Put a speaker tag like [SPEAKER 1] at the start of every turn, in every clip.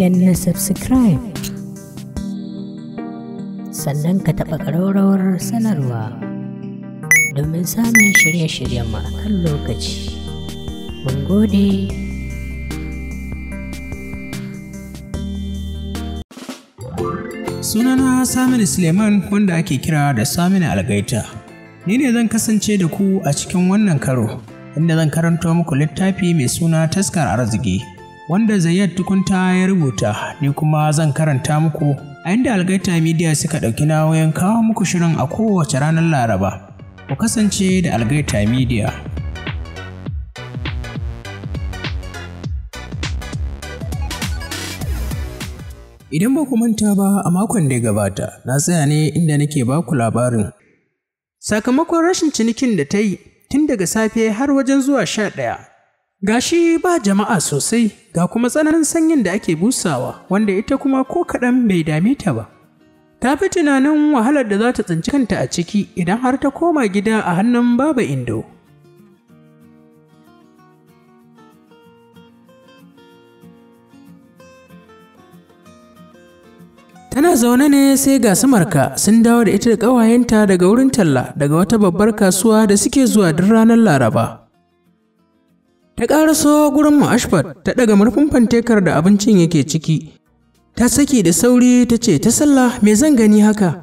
[SPEAKER 1] na subscribe sannan ka taɓa ƙararrawar sanarwa domin samun shirye-shiryen mu kan lokaci mun gode sunana saminu suleiman wanda ake kira da saminu algaita ni ne zan kasance da ku a cikin wannan karo inda zan karanto muku littafi mai suna taskar arziki wanda Zayyad tukunta ya rubuta ni kuma zan karanta muku a inda Algaita Media suka ɗauki nawayan kawo muku shirin a kowace ranar Laraba. Ku kasance da Algaita Media. Idan ba ku manta ba a makon da ya gabata, na tsaya ne inda nake ba ku labarin. Sakamakon rashin cinikin da ta yi tun daga safe har wajen zuwa sha ɗaya Ga shi ba jama'a sosai ga kuma tsananin sanyin da ake busawa wanda ita kuma ko kaɗan bai dame ta ba. Ta fi tunanin wahalar da za ta tsinci kanta a ciki idan har ta koma gida a hannun baba indo. Tana zaune ne sai ga samarka sun dawo da ita da ƙawayenta daga wurin talla daga wata babbar kasuwa da suke zuwa duk ranar Laraba. ta ƙaraso gurin ashford ta ɗaga murfin fantekar da abincin yake ciki ta saki da sauri ta ce ta sallah me zan gani haka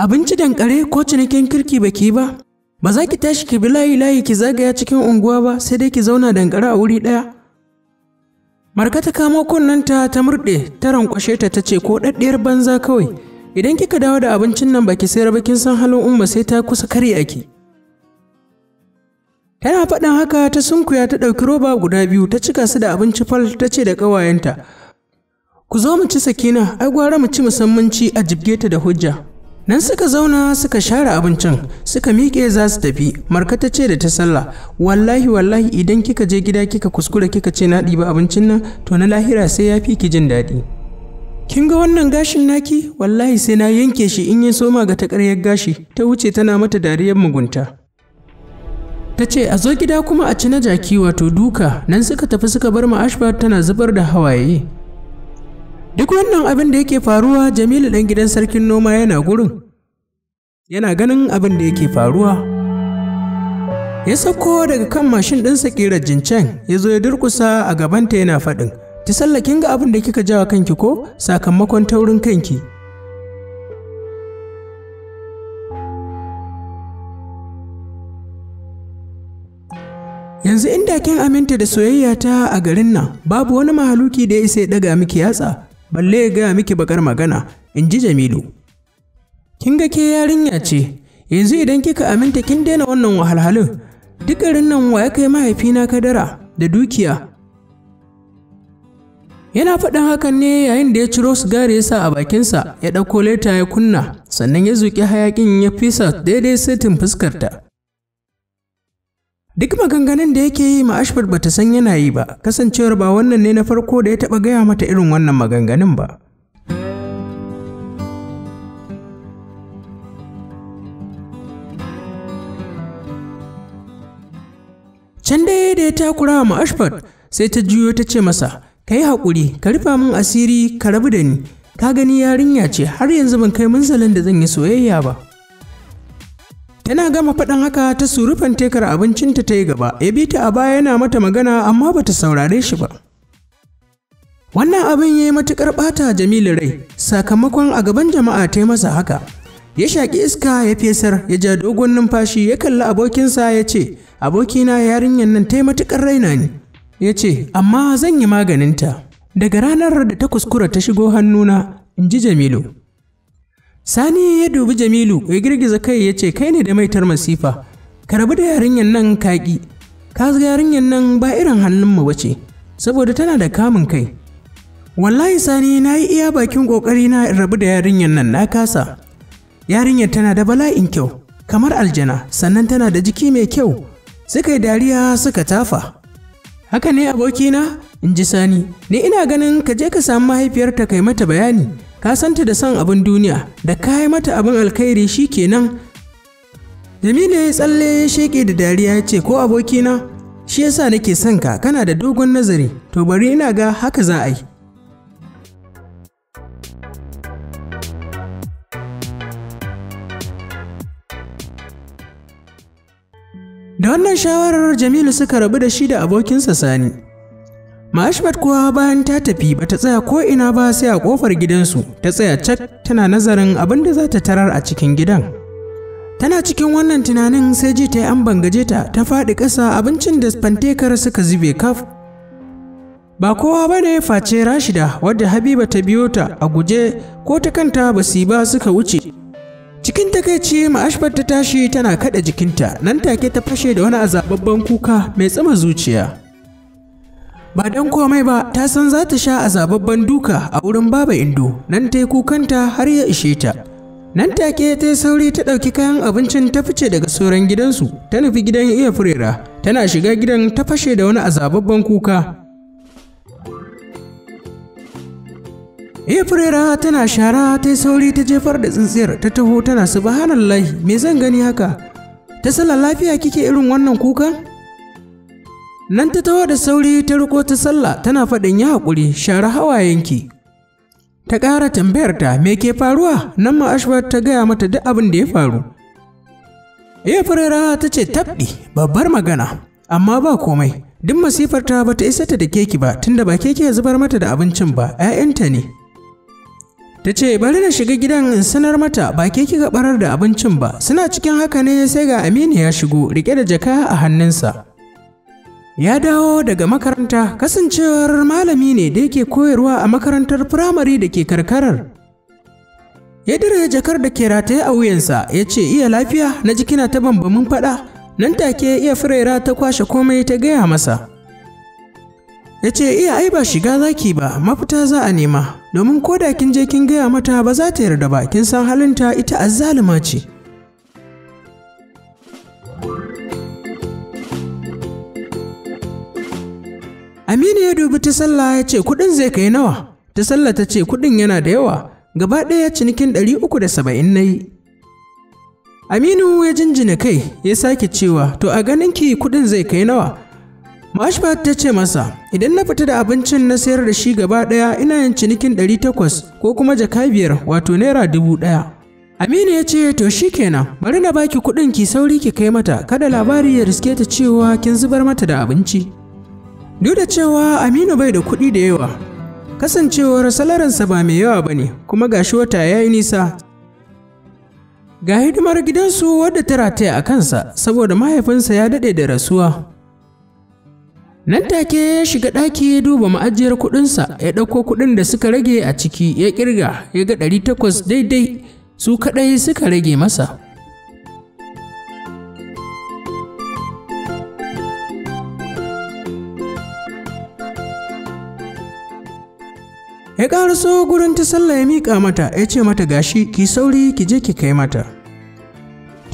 [SPEAKER 1] abinci dankare ko cinikin kirki baki ba ba za ki tashi ki bi layi layi ki zagaya cikin unguwa ba sai dai ki zauna dan dankare a wuri ɗaya marka ta kamo kunnanta ta murɗe ta rankwashe ta ta ce ko ɗaɗɗiyar banza kawai idan kika dawo da abincin nan baki sai ba kin san halin umma sai ta kusa karya ki Tana faɗin haka ta sunkuya ta ɗauki roba guda biyu ta cika su da abinci fal ta ce da ƙawayenta. Ku zo mu ci sakina, ai gwara mu ci musammanci a jibge ta da hujja. Nan suka zauna suka share abincin, suka miƙe za su tafi, marka ta ce da ta sallah, wallahi wallahi idan kika je gida kika kuskura kika ce na ɗiba abincin nan, to na lahira sai ya fi ki jin daɗi. Kin ga wannan gashin naki? Wallahi sai na yanke shi in ya soma ga takaryar gashi, ta wuce tana mata dariyar mugunta. ta ce a zo gida kuma a ci na jaki wato duka nan suka tafi suka bar ma ashba tana zubar da hawaye duk wannan abin da yake faruwa jamilu ɗan gidan sarkin noma yana gurin yana ganin abin da yake faruwa ya sauko daga kan mashin ɗinsa ƙirar jincen ya zo ya durkusa a gabanta yana faɗin ta sallakin ga abin da kika jawa kanki ko sakamakon taurin kanki yanzu inda kin aminta da soyayya ta a garin nan babu wani mahaluki da ya isa ya daga miki yatsa balle ya gaya miki bakar magana in ji jamilu kin ga ke yarinya ce yanzu idan kika aminta kin daina wannan wahalhalun duk garin nan wa ya kai mahaifina kadara da dukiya yana faɗin hakan ne yayin da ya ciro sigari ya sa a bakinsa ya ɗauko leta ya kunna sannan ya zuƙi hayaƙin ya fisa daidai setin fuskarta Duk maganganun da yake yi ma Ashford bata san yana yi ba, kasancewar ba wannan ne na farko da ya taɓa gaya mata irin wannan maganganun ba. Can dai da ya takura ma Ashford sai ta juyo ta ce masa, ka yi haƙuri, ka rufa min asiri, ka rabu da ni, ka gani yarinya ce har yanzu ban kai munzalin da zan yi soyayya ba. tana gama faɗan haka ta surufan tekar abincinta ta yi gaba ya bi ta a baya yana mata magana amma ba ta saurare shi ba wannan abin ya yi matuƙar ɓata jamilu rai sakamakon a gaban jama'a ta yi masa haka ya shaƙi iska ya fesar ya ja dogon numfashi ya kalli abokinsa ya ce abokina yarinyar nan ta yi matuƙar raina ne ya ce amma zan yi maganinta daga ranar da ta kuskura ta shigo hannuna in ji jamilu Sani ya dubi Jamilu ya girgiza kai ya ce kai ne da maitar masifa. Ka rabu da yarinyar nan kaƙi. Ka ga yarinyar nan ba irin hannun ba ce, saboda tana da kamun kai. Wallahi Sani na yi iya bakin ƙoƙari na rabu da yarinyar nan na kasa. Yarinyar tana da bala'in kyau, kamar aljana, sannan tana da jiki mai kyau. Suka yi dariya suka tafa. Haka ne abokina, in ji Sani, ni ina ganin ka je ka samu mahaifiyarta kai mata bayani. ka santa da son abin duniya da ka yi mata abin alkhairi shi kenan Jamilu ya tsalle ya sheke da dariya ya ce ko abokina shi yasa nake son ka kana da dogon nazari to bari ina ga haka za a yi da wannan shawarar jamilu suka rabu da shi da abokinsa sani Ma'ashbat kuwa bayan ta tafi ba ta tsaya ko ina ba sai a ƙofar gidansu ta tsaya cak tana nazarin abin da za ta tarar a cikin gidan. Tana cikin wannan tunanin sai ji ta yi an gaje ta ta faɗi ƙasa abincin da fantekar suka zube kaf. Ba kowa ba ne face Rashida wadda Habiba ta biyo ta a guje ko ta kanta ba su ba suka wuce. Cikin takaici ma'ashbar ta tashi tana kaɗa jikinta nan take ta fashe da wani azababban kuka mai tsama zuciya. ba don komai ba ta san za ta sha azababban duka a wurin baba indo nan ta yi kukanta har ya ishe ta nan take ta yi sauri ta ɗauki kayan abincin ta fice daga sauran gidansu ta nufi gidan iya furera tana shiga gidan ta fashe da wani azababban kuka iya furera tana shara ta yi sauri ta jefar da tsintsiyar ta taho tana subhanallahi me zan gani haka ta sala lafiya kike irin wannan kuka?" nan ta taho da sauri ta riko ta sallah tana faɗin ya haƙuri share hawayenki ta ƙara tambayar ta me ke faruwa nan ma ashbat ta gaya mata duk abin da ya faru iya farera ta ce tabɗi babbar magana amma ba komai duk masifar ta bata isa ta da keki ba tunda ba keke ya zubar mata da abincin ba 'ya'yanta ne ta ce bari na shiga gidan in sanar mata ba ke kika barar da abincin ba suna cikin haka ne sai ga aminu ya shigo rike da jaka a hannunsa ya dawo daga makaranta kasancewar malami ne da yake koyarwa a makarantar firamare da ke karkarar ya dira jakar da ke rataye a wuyansa ya ce iya lafiya na ji kina ta bambamin faɗa nan take iya firaira ta kwashe komai ta gaya masa ya ce iya ai ba shiga zaki ba mafita za a nema domin ko da kin je kin gaya mata ba za ta yarda ba kin san halinta ita azzaluma ce Aminu ya dubi ta sallah ya ce kuɗin zai kai nawa, ta sallah ta ce kuɗin yana da yawa, gaba ɗaya cinikin ɗari uku da saba'in na yi. Aminu ya jinjina kai ya sake cewa to a ganinki kuɗin zai kai nawa. Mashbat ta ce masa idan na fita da abincin na sayar da shi gaba ɗaya ina yin cinikin ɗari takwas ko kuma jaka biyar wato naira dubu ɗaya. Aminu ya ce to shi kenan bari na baki kuɗin ki sauri ki kai mata kada labari ya riske ta cewa kin zubar mata da abinci. Duk da cewa Aminu bai da kuɗi da yawa, kasancewar salaransa ba mai yawa ba ne kuma ga shi wata ya yi nisa. Ga hidimar gidansu wadda ta rataya a kansa saboda mahaifinsa ya daɗe da rasuwa. Nan take ya shiga ɗaki ya duba ma'ajiyar kuɗinsa ya ɗauko kuɗin da suka rage a ciki ya ƙirga ya ga ɗari takwas daidai su kaɗai suka rage masa. ya so gurin ta sallah ya miƙa mata ya ce mata gashi ki sauri ki je ki kai mata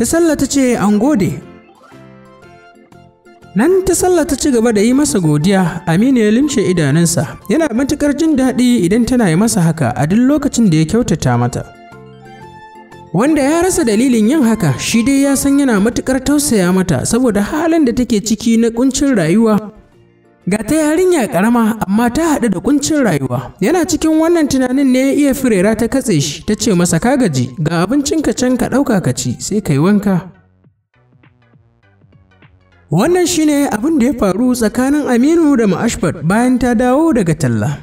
[SPEAKER 1] ta sallah ta ce an gode nan ta sallah ta ci gaba da yi masa godiya aminu ya limshe idanunsa yana matuƙar jin daɗi idan tana yi masa haka a duk lokacin da ya kyautata mata wanda ya rasa dalilin yin haka shi dai ya san yana matuƙar tausaya mata saboda halin da take ciki na ƙuncin rayuwa Ga ta yarinya karama amma ta haɗu da kuncin rayuwa. Yana cikin wannan tunanin ne ya iya firera ta katse shi ta ce masa ka gaji ga abincin ka can ka ɗauka ka ci sai ka yi wanka. Wannan shine abin da ya faru tsakanin Aminu da ma'ashbat bayan ta dawo daga talla.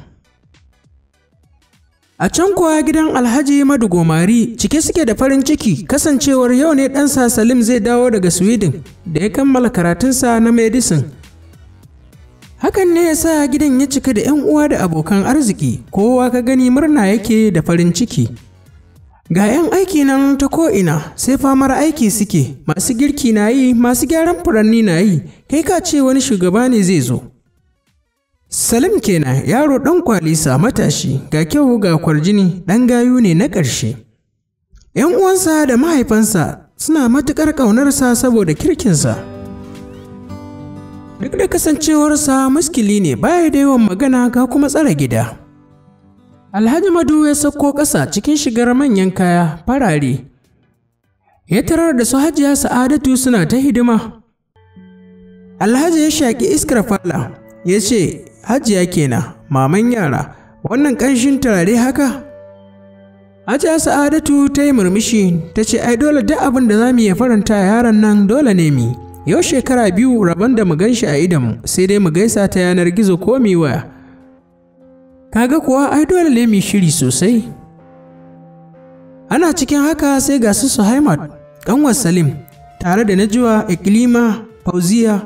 [SPEAKER 1] A can kuwa gidan Alhaji Madugomari cike suke da farin ciki kasancewar yau ne ɗansa Salim zai dawo daga Sweden da ya kammala karatunsa na medicine hakan ne yasa gidan ya cika da 'yan uwa da abokan arziki kowa ka gani murna yake da farin ciki ga 'yan aiki nan ta ko'ina sai famar aiki suke masu girki na yi masu gyaran furanni na yi kai ka ce wani shugaba ne zai zo salim kenan yaro ɗan kwalisa matashi ga kyau ga kwarjini ɗan gayu ne na ƙarshe 'yan uwansa da mahaifansa suna matuƙar ƙaunarsa saboda kirkinsa duk da kasancewarsa muskili ne baya da yawan magana ga kuma tsara gida alhaji madu ya sauko ƙasa cikin shigar manyan kaya farare ya tarar da su hajiya sa'adatu suna ta hidima alhaji ya shaƙi iskar fala ya ce hajiya kenan maman yara wannan ƙanshin turare haka hajiya sa'adatu ta yi murmushi ta ce ai dole duk abin da za mu iya faranta yaran nan dole ne mu yau shekara biyu rabon da mu gan shi a idanmu sai dai mu gaisa ta yanar gizo ko mi waya kaga kuwa ai dole ne mu shiri sosai ana cikin haka sai ga su Suhaimat kanwar Salim tare da Najwa Iklima Fauziya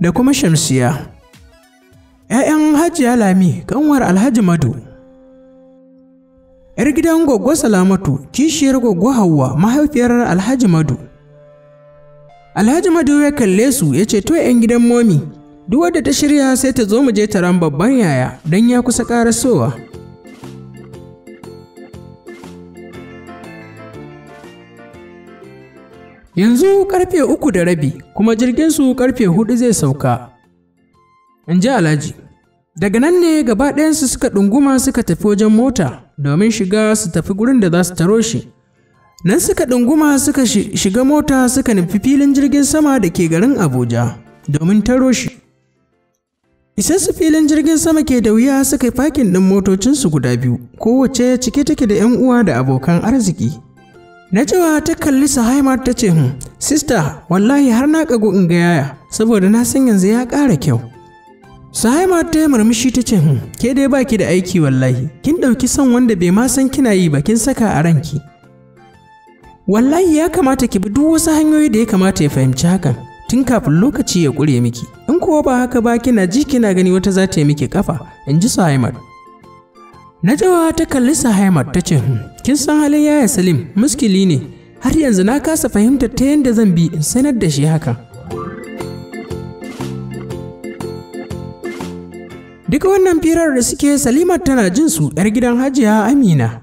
[SPEAKER 1] da kuma Shamsiya ‘Ya'yan Hajiya Lami kanwar Alhaji Madu ‘yar gidan Goggo Salamatu kishiyar Goggo Hauwa mahaifiyar Alhaji Madu Alhaji Madu ya kalle su ya ce to 'yan gidan momi, duk wadda ta shirya sai ta zo mu je taron babban yaya don ya kusa ƙarasowa. Yanzu karfe uku da rabi kuma jirgin su karfe hudu zai sauka. In ji Alhaji. Daga nan ne gaba ɗayansu suka ɗunguma suka tafi wajen mota domin shiga su tafi gurin da za su taro shi. Nan suka ɗunguma suka shiga mota suka nufi filin jirgin sama da ke garin Abuja domin taro shi. Isassu filin jirgin sama ke da wuya suka yi fakin ɗin motocinsu guda biyu, kowace cike take da 'yan uwa da abokan arziki. cewa ta kalli Sahaima ta ce, "Hun, hmm, sista, wallahi har na kagu in ga yaya, saboda na san yanzu ya ƙara kyau." Sahaima ta yi murmushi ta ce, "Hun, hmm, ke dai baki da aiki wallahi, kin ɗauki son wanda bai ma san kina yi ba kin saka a ranki." wallahi ya kamata ki bi duk wasu hanyoyi da ya kamata ya fahimci hakan tun kafin lokaci ya kure miki in kuwa ba haka ba kina ji kina gani wata za ta yi miki kafa in ji Suhaimat Najawa ta kalli sahimar ta ce hmm, kin san halin yaya Salim muskili ne har yanzu na kasa fahimta ta yadda zan bi in sanar da shi haka Duka wannan firar da suke Salimat tana jin su 'yar gidan Hajiya Amina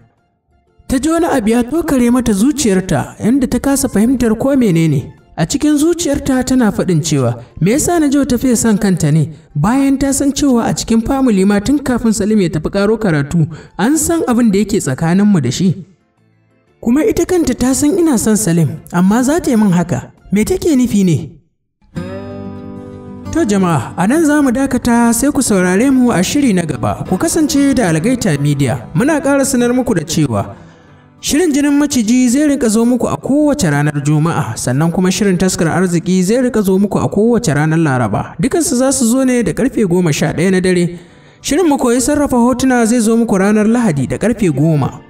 [SPEAKER 1] ta ji wani abu ya tokare mata zuciyarta inda ta kasa fahimtar ko menene a cikin zuciyarta tana faɗin cewa me yasa na ta fiye son kanta ne bayan ta san cewa a cikin famili ma tun kafin salim ya tafi ƙaro karatu an san abin da yake tsakaninmu da shi kuma ita kanta ta san ina son salim amma za ta yi min haka me take nufi ne To jama'a, a nan za mu dakata sai ku saurare mu a shiri na gaba, ku kasance da Algaita Media. Muna ƙara sanar muku da cewa Shirin jinin maciji zai rika zo muku a kowace ranar Juma'a, sannan kuma shirin taskar arziki zai rika zo muku a kowace ranar Laraba. Dukansu za su zo ne da karfe goma sha ɗaya na dare. Shirin mu koyi sarrafa hotuna zai zo muku ranar Lahadi da karfe goma.